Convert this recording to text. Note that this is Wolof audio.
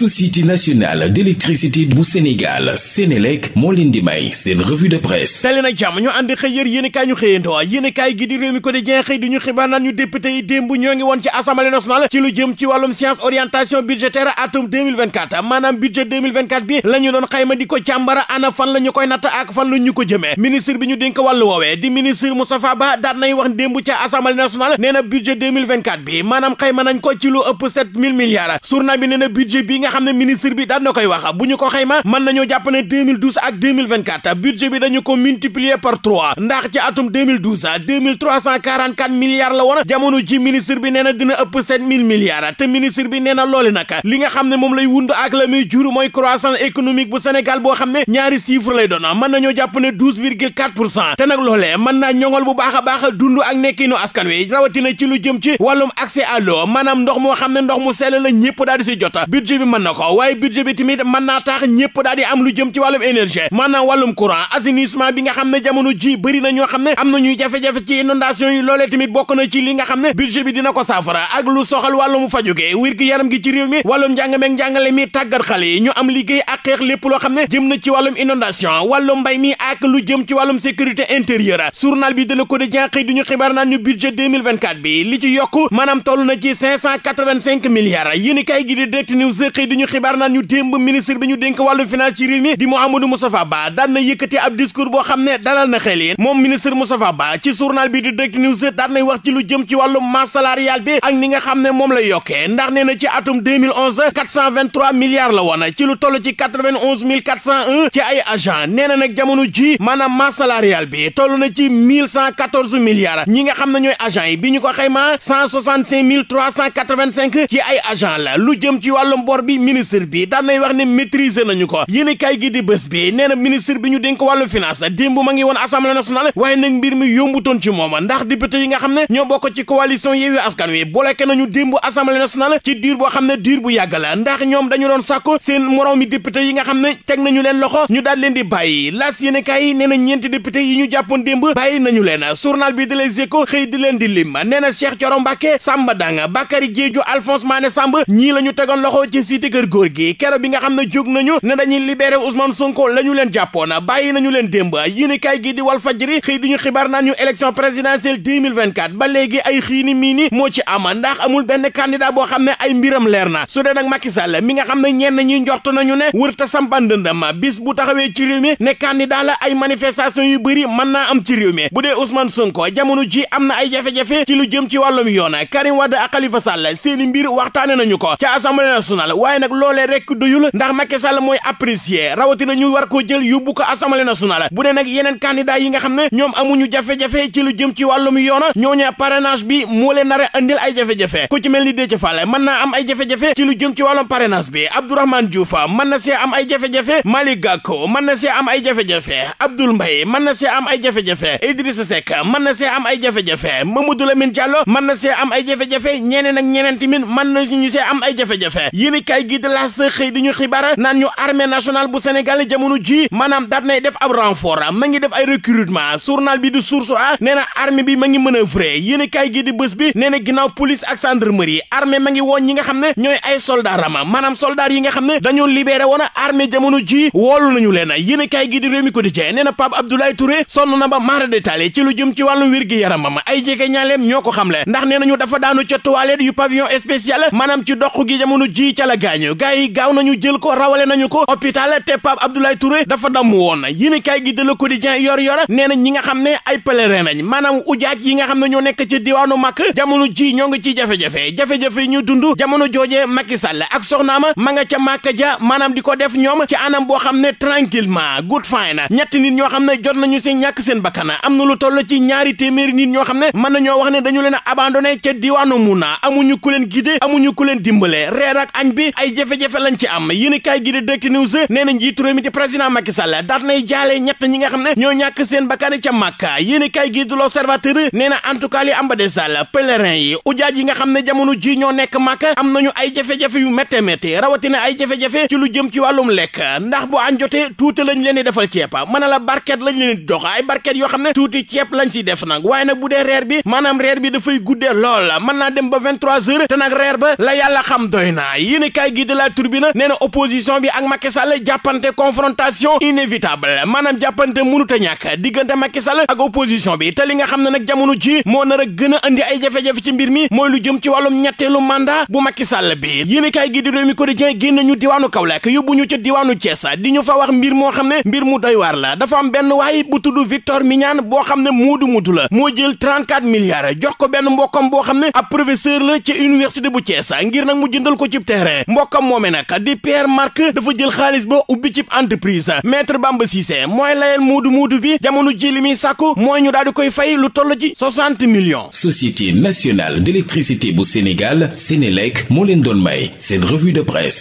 société nationale d'électricité bu Sénégal Sénélec moo leen di may seen revue de presse tali na ñu àndi xëy yër yéen ñu xëyantoo yéen i kaay gi di réew mi ko di jen di ñu xibaar naan ñu député yi démb ñoo ngi woon ci assemblée nationale ci lu jëm ci wàllum science orientation budgétaire atum 2024 maanaam bi la doon xayma di ko càmbara ana fan la koy natt ak fan la ko jëmee ministre bi ñu dénk wàllu woowee di ministre Moustapha Ba daan xam ne ministre bi daan na koy wax bu ñu ko xayma mën nañoo jàpp ne 2012 ak 2024 budget bi dañu ko multiplier par trois ndax ci atum 2012 2344 milliards la woon jamono ji ministre bi nee na dina ëpp 7000 milliards te ministre bi nee na loole li nga xam ne moom lay wund ak la muy jur mooy croissance économique bu Sénégal boo xam ne ñaari chiffre lay doon mën nañoo jàpp ne 12 virgule 4 pour cent te nag loolee mën naa ñoŋol bu baax a baax dund ak nekkinu askan wi rawatina ci lu jëm ci wàllum accès à l'eau maanaam ndox moo xam ne ndox mu sell la ñëpp daal di si jot ma na ko waaye budget bi tamit mën naa tax ñëpp daal di am lu jëm ci wàllum énergie maanaam wàllum courant assainissement bi nga xam ne jamono ji bëri na ñoo xam ne am na ñuy jafe-jafe ci inondation yi loole tamit bokk na ci li nga xam ne budget bi dina ko saafara ak lu soxal wàllum fajuge wér gi yaram gi ci réew mi wàllum njàng meeg njàngale mi tàggat xale yi ñu am liggéey ak xeex lépp loo xam ne jëm na ci wàllum inondation wàllum mbay mi ak lu jëm ci wàllum sécurité intérieure journal bi de Le Quotidien xëy duñu xibaar naan ñu budget 2024 li ci yokk maanaam toll na ci 585 milliards yéen kay gi di Direct xëy di ñu xibaar naan ñu démb ministre bi ñu dénk wàllu finance ci réew mi di Mouhamadou Moustapha Ba daan na yëkkati ab discours boo xam ne dalal na xel moom ministre Moustapha Ba ci journal bi di Direct News daan nay wax ci lu jëm ci wàllu masse salariale bi ak ni nga xam ne moom la yokkee ndax nee na ci atum 2011 423 milliards la woon ci lu toll ci 91 401 ci ay agent nee na nag jamono ji maanaam masse salariale bi toll na ci 1114 milliards ñi nga xam ne ñooy agent yi bi ñu ko xayma 165 385 ci ay agent la lu jëm ci wàllum bor bi bi ministre bi daan nay wax ne maîtriser nañu ko yéen kay gi di bés nee na ministre bi ñu dénk wàllu finance démb ma ngi woon assemblée nationale waaye nag mbir mi yombutoon ci mooma ndax député yi nga xam ne ñoo bokk ci coalition Yewwi Askan Wi bloqué nañu démb assemblée nationale ci diir boo xam ne diir bu yàgg ndax ñoom dañu doon sàkku seen moroomi député yi nga xam ne teg nañu leen loxo ñu daal leen di bàyyi laas yéen kay nee na ñeenti député jiite kër góor gi kero bi nga xam ne jóg nañu ne dañuy libere usman Sonko la ñu leen jàppoona bàyyi nañu leen démb yéen kaay gi di Walf Fadjri xëy duñu xibaar naan ñu élection présidentielle 2024 ba léegi ay xiini miini moo ci am ndax amul benn candidat boo xam ne ay mbiram leer na su dee nag Macky Sall mi nga xam ne ñenn ñi njort nañu ne wër ta sampandëndam bis bu taxawee ci réew mi ne candidat la ay manifestation yu bëri mën naa am ci réew mi bu dee Ousmane Sonko jamono ji am na ay jafe ci lu jëm ci wàllum yoon Karim Wade ak Khalifa Sall seeni mbir waxtaane nañu ko ca Assemblée nationale waaye nag loolee rek doyul ndax Macky Sall mooy apprécier rawatina ñu war koo jël yóbbu ko assemblée nationale bu dee nag yeneen candidat yi nga xam ne ñoom amuñu jafe-jafe ci lu jëm ci wàllum yoon ñooñu parrainage bi moo leen nar a ay jafe-jafe ku ci mel ni Déthié Fall mën naa am ay jafe-jafe ci lu jëm ci wàllum parrainage bi Abdourahmane Diouf mën na see am ay jafe-jafe Malick Gakou mën na see am ay jafe-jafe Abdoul Mbaye mën na see am ay jafe-jafe Idrissa Seck mën na see am ay jafe-jafe Mamadou Lamine Diallo mën na see am ay jafe ñeneen ak ñeneen tamit mën na ñu see am ay jafe kaay gi de la xëy di ñu xibaar naan ñu armée nationale bu Sénégal jamono ji maanaam daat nay def ab renfort ma ngi def ay recrutement journal bi di source a nee na armée bi ma ngi manœuvrer di bés bi na ginnaaw police ak gendarmerie armée ma ngi woon ñi nga xam ne ñooy ay soldat rama maanaam yi nga xam ne dañoo libéré woon armée jamono ji woolu nañu leen yéen kaay gi di Rewmi Quotidien nee na Pape Abdoulaye Touré sonn na ba mara détaillé ci lu jëm ci wàllu wér gi yaramam ay jege ñaaleem ñoo ko xamle ndax nee nañu dafa daanu ca toilette yu gaañu gars yi gaaw nañu jël ko rawale nañu ko hôpital te Pape Abdoulaye Touré dafa damm woon yéen kay gi de Le Quotidien yor yor nee na ñi nga xam ne ay pèlerin lañ maanaam ujaaj yi nga xam ne ñoo nekk ci diwaanu màkk jamono ji ñoo ngi ci jafe-jafe jafe-jafe ñu dund jamono joojee Macky Sall ak soxnaama ma nga ca màkk ja maanaam di ko def ñoom ci anam boo xam ne tranquillement good fine ñetti nit ñoo xam ne jot nañu si ñàkk seen bakkan am na lu toll ci ñaari nit ñoo xam ne mën nañoo wax ne dañu leen abandonné ca diwaanu Muna amuñu ku leen guidé amuñu ku leen dimbale reer ak bi ay jafe-jafe lañ ci am yéenekaay gi di Direct News nee na njiitu réew mi di président Macky Sall daat nay jaalee ñett ñi nga xam ne ñoo ñàkk seen bakkaane ca Màkka yéenekaay gi di L'Observateur nee na en tout cas li am ba des daal pèlerin yi ujaaj nga xam ne jamono ji ñoo nekk Màkka am nañu ay jafe-jafe yu métte métti rawatina ay jafe-jafe ci lu jëm ci wàllum lekk ndax bu añ jotee tuuti lañ leen di defal ceeb mën na la barket lañ leen di dox ay barket yoo xam ne tuuti ceeb lañ si def nag waaye nag bu dee reer bi maanaam reer bi dafay guddee lool mën naa dem ba 23 heures nag reer ba la yàlla xam doy na kaay gi de la Tribune nee na opposition bi ak Macky Sall jàppante confrontation inévitable maanaam jàppante mënut a ñàkk diggante Macky Sall ak opposition bi te li nga xam ne nag jamono ji moo nar a gën a andi ay jafe-jafe ci mbir mi mooy lu jëm ci wàllum ñetteelu mandat bu Macky Sall bi yéen kaay gi di Rewmi Quotidien génn nañu diwaanu Kaolack yóbbu ñu ca diwaanu Thiès di ñu fa wax mbir moo xam ne mbir mu doy waar la dafa am benn waay bu tudd Victor Mignane boo xam ne muudu muudu la moo jël 34 milliards jox ko benn mbokkam boo xam ne ab professeur la ci université bu Thiès ngir nag mu jëndal ko ci terrain mbokkam moome nag di Pierre Marc dafa jël xaalis ba ubbi cib entreprise maître Bamba Cissé mooy layel muudu muudu bi jamono jii li muy sàkku mooy ñu daal di koy fay lu toll ci soixante millions. Société nationale d'électricité bu Sénégal Sénélec moo leen doon may seen revue de presse.